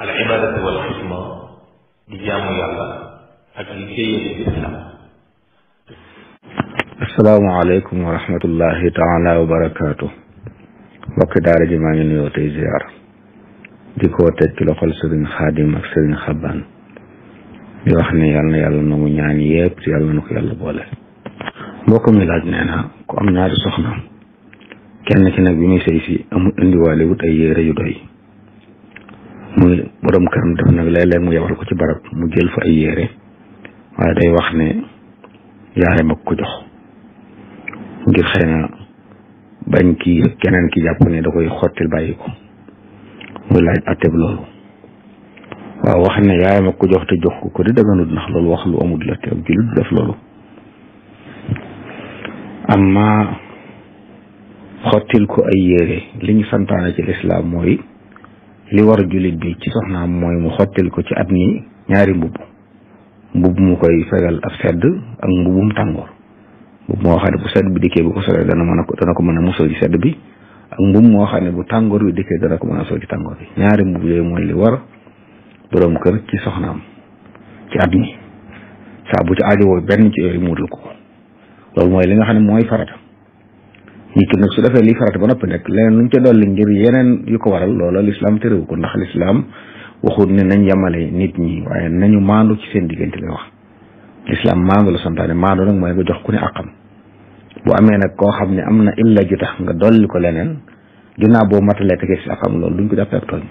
al ibadatu wal xidma di jaamu yàlla ak li téye ci islam asalaamaaleykum wa rahmatullahi taala wa barakaatu mbokki daara ji maa ngi nuyoo tey ziar di ko teg ci loxol sëriñ xaadim ak sëriñ xabbaan di wax ne yàlla na yàlla nangu ñaan yépp yàlla na nu ko yàlla boole mbokk mi laaj nee na ku am ñaari soxna kenn ci nag bi muy sëy si amul indiwaale wut ay yére yu doy muy borom këram def nag léeg-léeg mu yebal ko ci barab mu jël fa ay yére waaye day wax ne yaay mag ko jox ngir xëy na bañ ki keneen ki jàpp ne da koy xottil bàyyi ko muy laaj atteb loolu waaw wax ne yaay mag ko jox te jox ko ko di daganut nax loolu wax lu amul la te ab du def loolu amma xottil ko ay yére li ñu santaane ci lislaam mooy li war jullit bi ci soxnaam mooy mu xottil ko ci at mi ñaari mbubb mbubb mu koy fegal ab sedd ak mbubbum tàngoor mbubb moo xam ne bu sedd bi dikkee bu ko solee dana mën a dana ko mën a musal ci sedd bi ak mbubb moo xam ne bu tàngoor bi dikkee dana ko mën a sol ci ñaari mbubb yooyu mooy li war boroom kër ci soxnaam ci at mi saa bu ci aajowoo benn ci yooyu mu wutal ko loolu mooy li nga xam ne mooy farata nit ki nag su defee lii farata ba noppi nekk leneen luñ ca dolli ngir yeneen yu ko waral loola lislaam terewu ko ndax lislaam waxut ne nañ yemale nit ñi waaye nañu maandu ci seen diggante lay wax lislaam maandu la santaane maandu nag mooy nga jox ku ne àqam bu amee nag koo xam ne am na illa ju tax nga dolli ko leneen ginnaaw boo matalee te si àqam loolu duñ ko jàppee ak tooñ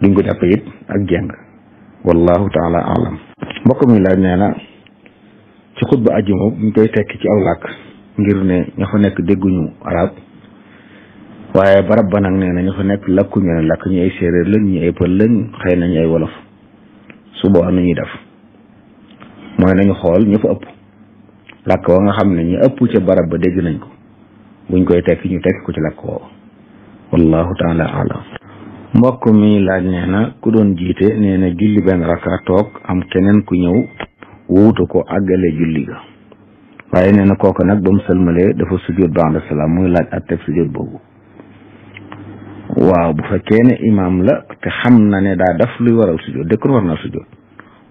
duñ ko jàppee it ak jeng wallahu taala alam mbokk mi laaj nee na ci xutba ajuma buñ koy tekki ci aw làkk ngir ne ña fa nekk dégguñu arab waaye barab ba nag nee na fa nekk lakkuñu ne lakk ñu ay séeréer lañ ñu ay pël lañ xëy nañu ay wolof suba nu ñuy def mooy nañu xool ñu ëpp lakk wa nga xam ne ñu ëpp ca barab ba dégg nañ ko buñ koy tekki ñu tekki ko ci làkk woowu wallahu taala alam mbokk mi laaj nee na ku doon jiite nee na julli benn raka toog am keneen ku ñëw wuutu ko àggale julli ga waaye nee na kooka nag ba mu sëlmalee dafa sujjóot ba'da salaam muy laaj àtteeg sujjóot boobu waaw bu fekkee ne imaam la te xam na ne daa daf luy waral sujjóot de kon war naa sujjóot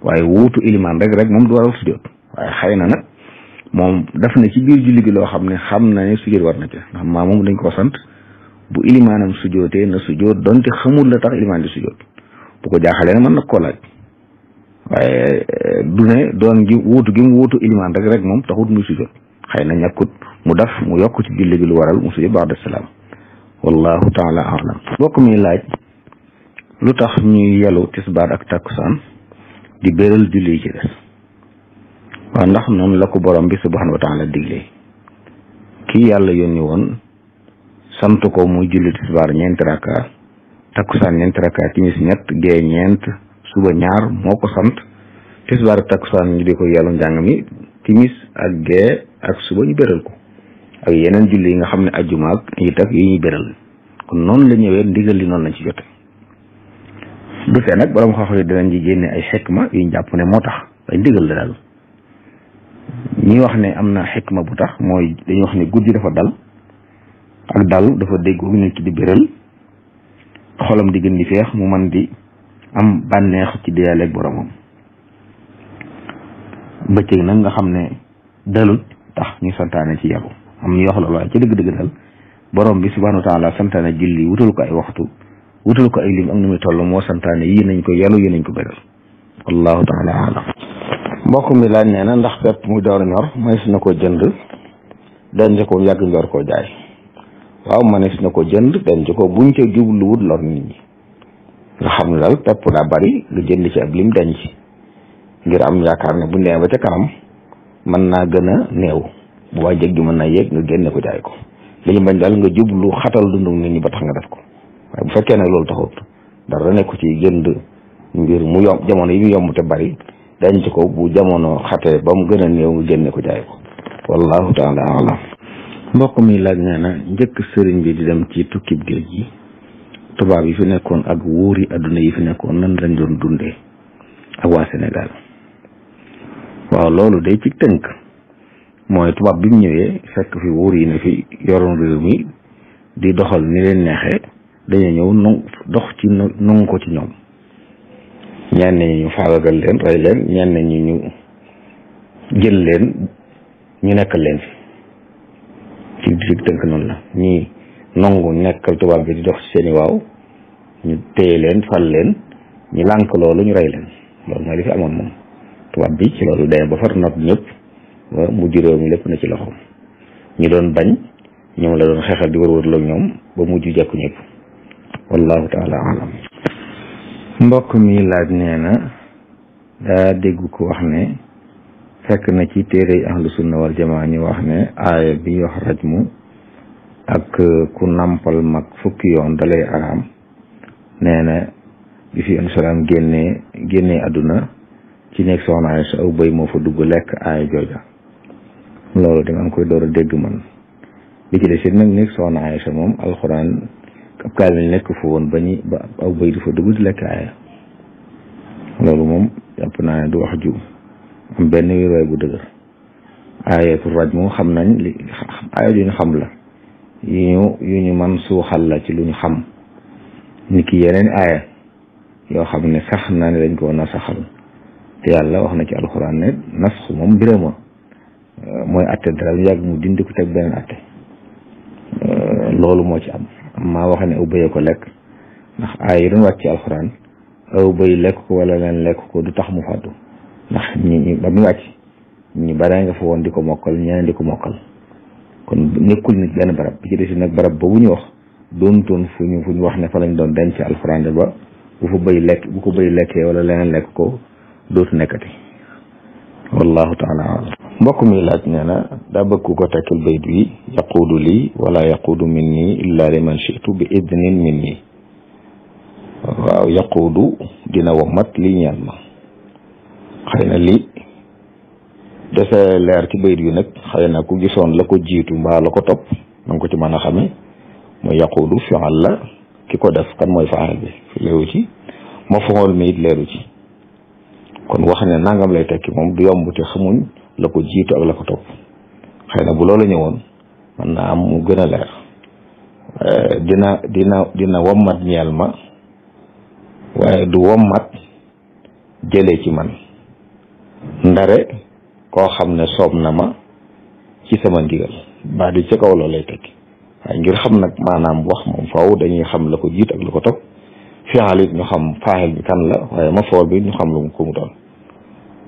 waaye wuutu ilimaan rek rek moom du waral sujjóot waaye xëy na nag moom daf na ci biir julli gi loo xam ne xam na ne sujjóot war na ci ndax maa moom dañ ko sant bu ilimaanam sujjóotee na sujjóot donte xamul la tax ilimaan di sujjóot bu ko jaaxalee ne mën na koo laaj waaye eh, du ne doon gi wuutu gi mu wuutu ilimaan rek rek moom taxut muy sujjoot xëy na ñàkkut mu daf mu yokk ci julli gi lu waral mu sujjoot ba'da salaam wallahu taala alam bokk mi laaj lu tax ñuy yelu tisbaar ak takkusaan di béral julli yi ci des waaw ndax noonu la ko borom bi subhanahu wa taala digle kii yàlla yónni woon sant ko muy julli tisbaar ñeenti rakka takkusaan ñeenti rakka timis ñett gee ñeent suba ñaar moo ko sant tisbaar ak takkusaan ñu di ko yàllu njàng mi ak gee ak suba ñu béral ko ak yeneen julli yi nga xam ne ajjuma ak it ak yi ñuy béral kon noonu la ñëwee ndigal li noonu lañ ci jote du nag borom xam-xam ci génne ay xikma yu ñu jàpp ne moo tax ay ndigal la daal ñi wax ne am na xikma bu tax mooy dañuy wax ne guddi dafa dal ak dal dafa dégg nit ki di béral xolam di gën feex mu man di am bànneexu ci diyaale ak boromam bëccëg nag nga xam ne dalut tax ñu santaane ci yabu am yox la waaye ci dëgg-dëgg dal borom bi subhanahu wa taala santaane julli wutal ko ay waxtu wutal ko ay lim ak nu muy toll moo santaane yi nañ ko yalu yi nañ ko bëral wallahu taala alam mbokk mi laaj nee na ndax pepp muy door ñor mënees na ko jënd denc ko yàgg njoor koo jaay waaw mënees na ko jënd denc ko buñ ca jubluwut lor nit ñi nga xam ne daal topp daa bari nga jënd ci ab lim mu ci ngir am yaakaar ne bu nee ba ca kanam mën naa gën a néew bu baa jég gi mën naa yéeg nga génne ko jaay ko li ñu bañ daal nga jublu xatal dundu nit ñi ba tax nga def ko bu fekkee nag loolu taxut dara da nekk ci jënd ngir mu yomb jamono yi mu yomb bari denc ko bu jamono xate ba mu gën a néew nga génne ko jaay ko wallahu taala mbokk mi laaj nee na njëkk sëriñ bi di dem ci tukkib géej gi tubaab yi fi nekkoon ak wóori adduna yi fi nekkoon nan lañ doon dundee ak waa senegaal waaw loolu day ci tënk mooy tubaab bi mu ñëwee fekk fi wóor yi ne fi yoroon réew mi di doxal ni leen neexee dañu ñëw nu dox ci nungu ko ci ñoom ñenn ñi ñu faagagal leen rey leen ñenn ñi ñu jël leen ñu nekkal leen fi ci dig tënk noonu la ñii nangu nekkal tubaab bi di dox ci seeni waaw ñu téye leen fal leen ñu lànk loolu ñu rey leen loolu mooy li fi amoon moom tubaab bi ci loolu demee ba far not ñëpp ba mu juróom mi lépp na ci loxoom ñu doon bañ ñoom la doon xeexal di wërwër loolu ñoom ba mujj jàkku ñëpp wallahu taala alam mbokk mi laaj nee na daa dégg ko wax ne fekk na ci téere ahlu sunna wal jamaa ñu wax ne aaya bi wax raj mu ak euh, ku nampal mag fukki yoon dalay araam nee na bi fi am salaam génnee génnee àdduna ci nekk soxna Aysa aw bëy moo fa dugg lekk aaya jooja loolu dama koy door a dégg man bi ci des it nag nekk soxna Aysa moom alxuraan ab kaamil nekk fa woon ba ñu ba aw bëy du fa dugg di lekk aaya loolu moom jàpp naa ne du wax ju am benn wéeruwaay bu dëgër aayatul raj moom xam nañ li aaya xam la yu ñu man suuxal la ci lu ñu xam ni ki yeneen aaya yoo xam ne sax naa ne lañ koo nasaxal te yàlla wax na ci alxuraan ne nasxu moom birama euh, mooy atte dara yàgg mu dindi ko teg beneen atte euh, loolu moo ci am maa wax ne ubbeye ko lekk ndax aay yi doon wàcc ci alxuraan aw bëy lekk ko wala leen lekk ko du tax mu fàddu ndax ñi ba mu wàcc ñi bare nga fa woon di ko mokkal ñeneen di ko mokkal kon nekkul nit benn barab bi ci des nag barab boobu ñu wax doonutoon fu ñu fu ñu wax ne fa lañ doon denc alxuraan ba bu fa bëy lekk bu ko bëy lekkee wala leneen lekk ko dootu nekkati wallahu taala alam mbokk mi laaj nee na daa bëgg ku ko tekkil bayt bi yaquudu lii wala yaquudu min nii illa liman shitu bi idnin min nii waaw yaquudu dina womat lii ñaan ma xëy na lii dese leer ci bayit yu nag xëy na ku gisoon la ko jiitu mbaa la ko top na ko ci mën a xamee mooy yaquudu fi'al la ki ko def kan mooy faa'il bi leeru ci maf'uul mi it leeru ci kon wax ne nangam lay tekki moom du yomb te xamuñ la ko jiitu ak la ko topp xëy na bu loola ñëwoon mën naa am mu gën a leer eh, dina dina dina wommat ñeel ma waaye du wommat jëlee ci man ndare koo xam ne soob na ma ci sama ndigal baa di ca kaw lay teg waaye ngir xam nag maanaam wax moom faaw dañuy xam la ko jiit ak la ko topp fi'al it ñu xam faaxil bi kan la waaye mafool bi ñu xam lu mu ko mu doon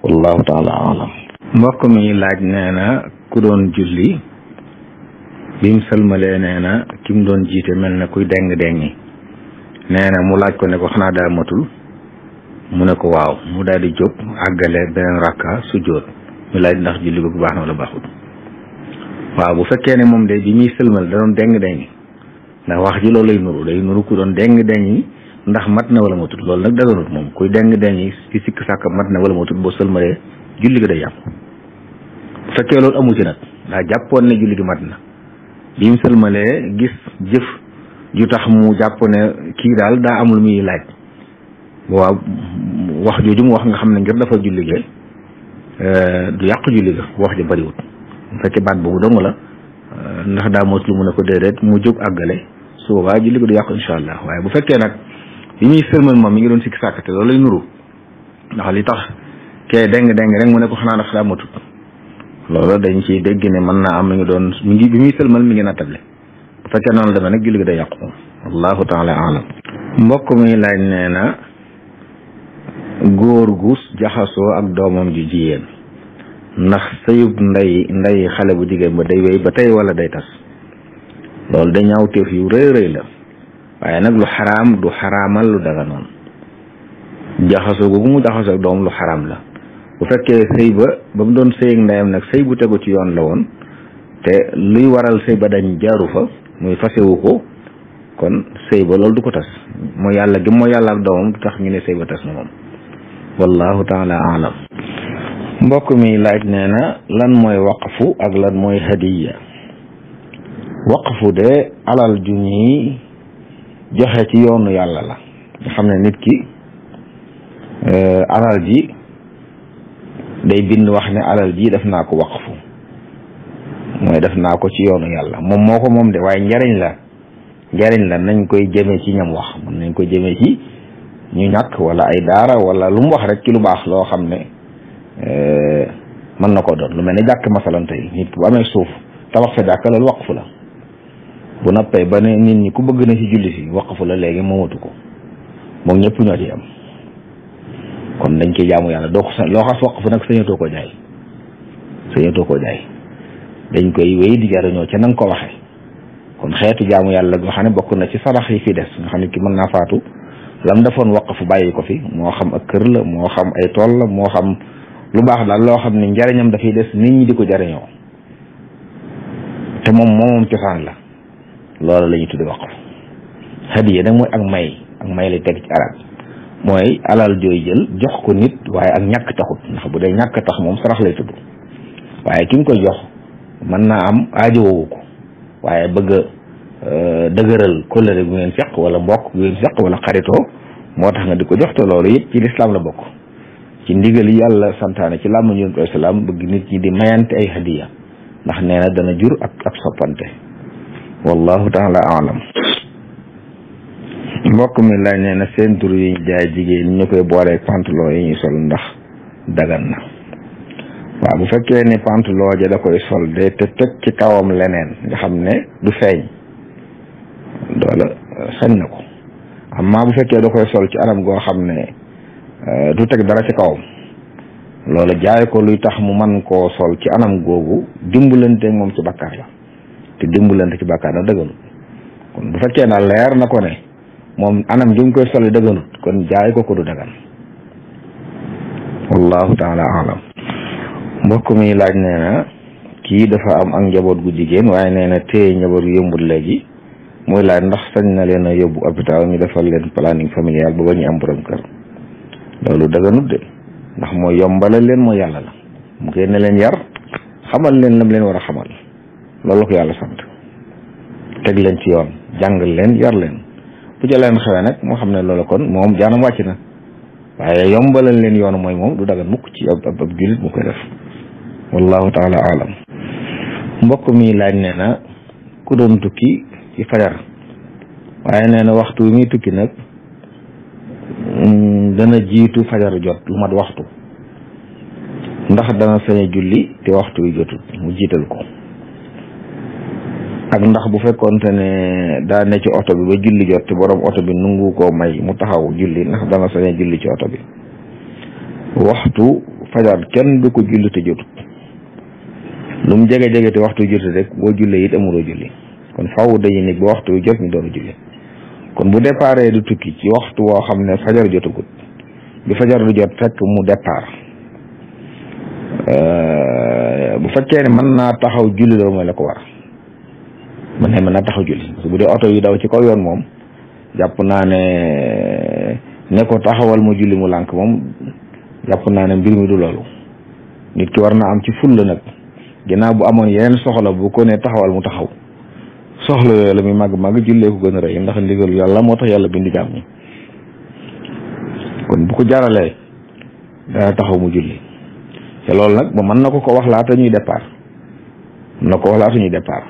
wallahu taala alam mbokk mi laaj nee na ku doon julli bim sëlmalee nee na doon jiite mel na kuy deng-dengi nee na mu laaj ko ne ko xanaa daa mu ne ko waaw mu daal di jóg àggale beneen rakka su ñu laaj ndax julli bu baax na wala baaxul waaw bu fekkee ne moom de bi muy sëlmal da doon deng deng ndax wax ji loolu lay nuru day nuru ku doon deng deng ndax mat na wala matut loolu nag daganut moom kuy deng deng ci sikk sàkk mat na wala matut boo sëlmalee julli gi day yàqu bu fekkee loolu amu ci nag ndax jàppoon ne julli gi mat na bi mu sëlmalee gis jëf ju tax mu jàpp ne kii daal daa am lu muy laaj waaw wax jooju mu wax nga xam ne ngir dafa julli gi Euh, du yàq julli ga wax ja bariwut bu fekkee baat boobu dong la euh, ndax daa moytu lu mu ne ko déedéet mu jóg àggale su boobaa julli ga du yàqu incha allah waaye bu fekkee nag li muy sërmal moom mi ngi doon sikki te loolu lay nuru ndax li tax kee deng deng rek mu ne ko xanaa ndax daa matut loolu dañ ciy dégg ne mën naa am na ngi doon mi ngi bi muy sëlmal mi ngi nattable bu fekkee noonu la demee nag julli gi day yàqu moom allahu taala alam mbokk mi laaj nee na góor gu jaxasoo ak doomam ju jigéen ndax sëyub ndey ndey xale bu jigéen ba day wéy ba tey wala day tas loolu da ñaawteef yu rëy rëy la waaye nag lu xaraam du xaraamal lu daga noonu jaxasoo googu mu jaxasoo ak doom lu xaraam la bu fekkee sëy ba ba mu doon sëy ak ndeyam nag sëy bu tegu ci yoon la woon te luy waral sëy ba dañ jaaru fa muy fasewu ko kon sëy ba loolu du ko tas mooy yàlla gi mooy yàlla ak doomam du tax ngi ne sëy ba tas na moom wallahu taala alam mbokk mi laaj nee na lan mooy waqfu ak lan mooy hadiya waqfu de alal ju ñuy joxe ci yoonu yàlla la nga xam ne nit ki eh, alal ji day bind wax ne alal ji def naa ko waqfu mooy def naa ko ci yoonu yàlla moom moo ko moom de waaye njariñ la njariñ la nañ koy jëme ci ñam wax mën nañ ko jëme ci ñu ñàkk wala ay daara wala lu mu wax rek ki lu baax loo xam ne euh, mën na ko doon lu mel ni jàkk masalan tey nit bu amee suuf tabax fa jàkk loolu waqfu la bu nappee ba nit ñi ku bëgg na ci julli si fu la léegi moomatu ko moom ñëpp ñoo ci am kon dañ koy jaamu yàlla doo sa loo xas nag sañatoo ko jaay sañatoo ko jaay dañ koy wéy di jariñoo ca nanga ko waxee xeetu jaamu yàlla goo xam ne bokk na ci sarax yi fi des nga xam ne ki mën naa faatu lam defoon waqfu bàyyi ko fi moo xam ak kër la moo xam ay tool la moo xam lu baax daal loo xam ne njariñam dafay des nit ñi di ko jariñoo te moom moom cosaan la loolu la ñuy tudde waqfu hadiya nag mooy ak may ak may lay teg ci arab mooy alal jooy jël jox ko nit waaye ak ñakk taxut ndax bu dee ñàkk tax moom sarax lay tudd waaye ki nga ko jox mën naa am aajowowu ko waaye bëgg Euh, dëgëral kóllëre gu ngeen seq wala mbokk gu ngeen seq wala xaritoo moo tax nga di ko jox te loolu yëpp ci lislaam la bokk ci ndigal yàlla santaane ci làmm ñu koy salaam bëgg nit ñi di mayante ay hadiya ndax nee na dana jur ak ab soppante wallahu taala alam mbokk mi laaj nee na seen tur yi ñu jaay jigéen ñu koy boolee pantalon yi ñuy sol ndax dagan na waaw bu fekkee ni pant pantalon ja da koy sol day te teg ci kawam leneen nga xam ne du feeñ loola euh, sañ na ko amma bu fekkee da koy sol ci anam goo xam ne euh, du teg dara ci kawam loola jaay ko luy tax mu man koo sol ci anam googu dimbalante moom ci bakkaar la te dimbalante ci bakkaar la dëgganut kon bu fekkee na leer na ko ne moom anam gi mu koy solee dëgganut kon jaay ko ko du dagan wallahu mi laaj dafa am ak njaboot gu jigéen waaye nee na téye njaboot gu yëmbul léegi mooy laaj ndax sañ na leen a yóbbu hôpital ñu defal leen planning familial ba ba ñu am borom kër loolu daganut de ndax mooy yombalal leen moo yàlla la mu koy ne leen yar xamal leen lam leen war a xamal loolu la ko yàlla sant teg leen ci yoon jàngal leen yar leen bu ca leen xewee nag moo xam ne loolu kon moom jaanam wàcc na waaye yombalal leen yoonu mooy moom du dagan mukk ci ab ab jullit mu koy def wallahu taala alam mbokk mi laaj nee na ku doon ci fajar waaye nee na waxtu wi muy tukki nag mm, dana jiitu fajar jot lu mat waxtu ndax dana sañ julli te waxtu wi jotul mu jiital ko ak ndax bu fekkoonte ne daa ci oto bi ba julli jot te borom oto bi nungu ko may mu taxaw julli ndax dana sañ julli ci oto bi waxtu fajar kenn du ko julli te jotut lu mu jege jege te waxtu jotut rek boo jullee it amuloo julli kon faaw dañuy nekk ba waxtu wi jot ñu doon a julli kon bu départ du tukki ci waxtu woo xam ne fajar jotagut bi fajar du jot fekk mu départ euh, bu fekkee ne mën naa taxaw julli loolu mooy la ko war man ne mën naa taxaw julli bu dee oto yu daw ci kaw yoon moom jàpp naa ne ne ko taxawal mu julli mu lànk moom jàpp naa ne mbir mi du loolu nit ki war na am ci fulla nag ginnaaw bu amoon yeneen soxla bu ko ne taxawal mu taxaw soxla yooyu la muy màgg-màgg jullee ko gën a rëy ndax ndigalu yàlla moo tax yàlla bind jaam ñi kon bu ko jaralee dana taxaw mu julli te loolu nag ba mën na ko ko wax laata ñuy départ mën na ko wax laata ñuy départ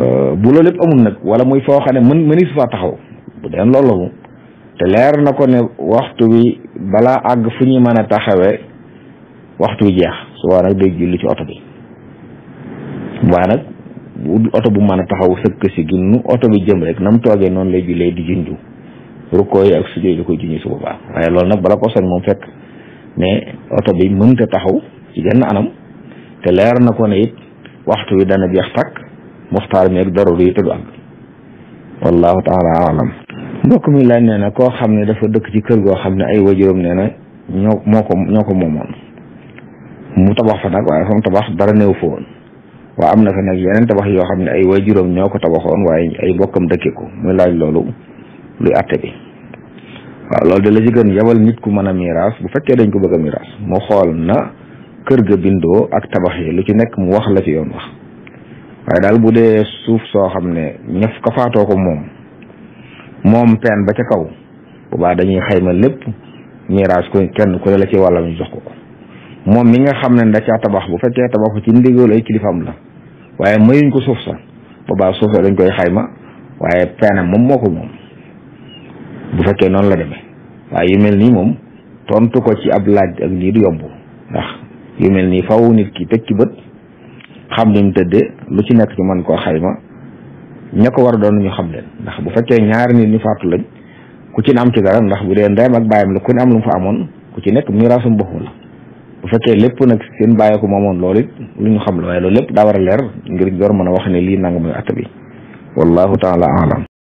euh, bu loolu lépp amul nag wala muy foo xam ne mën mënis faa taxaw bu deen loolu la mu te leer na ko ne waxtu wi balaa àgg fu ñuy mën a taxawee waxtu wi jeex waa nag day julli ci oto bi subaa nag oto bu man a taxaw sëkk si ginnu oto bi jëm rek na toogee noonu lay jullee di junju rukkoo yi ak sujjoo yi da koy junju su boobaa waaye loolu nag bala ko soñ moom fekk ne oto bi mënta taxaw ci genn anam te leer na ko ne it waxtu wi dana jeex takk muxtaar meeg daruri yi te du àgg wallahu taala alam mbokk mi laaj nee na koo xam ne dafa dëkk ci kër goo xam ne ay wajuram nee ñoo moo ko ñoo ko moomoon mu tabax fa nag waaye fa mu tabax dara néew fa woon waa am na fa nag yeneen tabax yoo xam ne ay waay juróom ñoo ko tabaxoon waaye ay bokkam dëkke ko muy laaj loolu luy atte bi waaw loolu de la ci gën yabal nit ku mën a miraas bu fekkee ko bëgg a miraas mu xool na kër ga bindoo ak tabax yi lu ci nekk mu wax la ci yoon wax daal bu dee suuf soo xam ne ñaf ka faatoo ko moom moom peen ba kaw bu baax dañuy xayma lépp miraas ko kenn ku ne la ci wàllam ñu jox ko ko moom mi nga xam ne nda caa tabax bu fekkee tabax ko ci ndigal ay kilifaam la waaye mayuñ ko suuf sa boobaa suuf sa dañ koy xayma waaye peena moom moo ko moom bu fekkee noonu la demee waaye yu mel nii moom tontu ko ci ab laaj ak lii du yomb ndax yu mel nii faw nit ki teg ci bët xam ni mu lu ci nekk ñu mën koo xayma ña war a doon ñu xam leen ndax bu fekkee ñaari nit ñu faatu lañ ku ci ne am ci ndax bu dee ndeyam ak bàyyam ku ne am lu mu amoon ku ci nekk miraasum boppam la bu fekkee lépp nag seen bàyyi ko moomoon loolu it lu ñu xam la loolu lépp daa leer ngir door mën a wax ne lii nangu mooy atta bi wallahu taala alam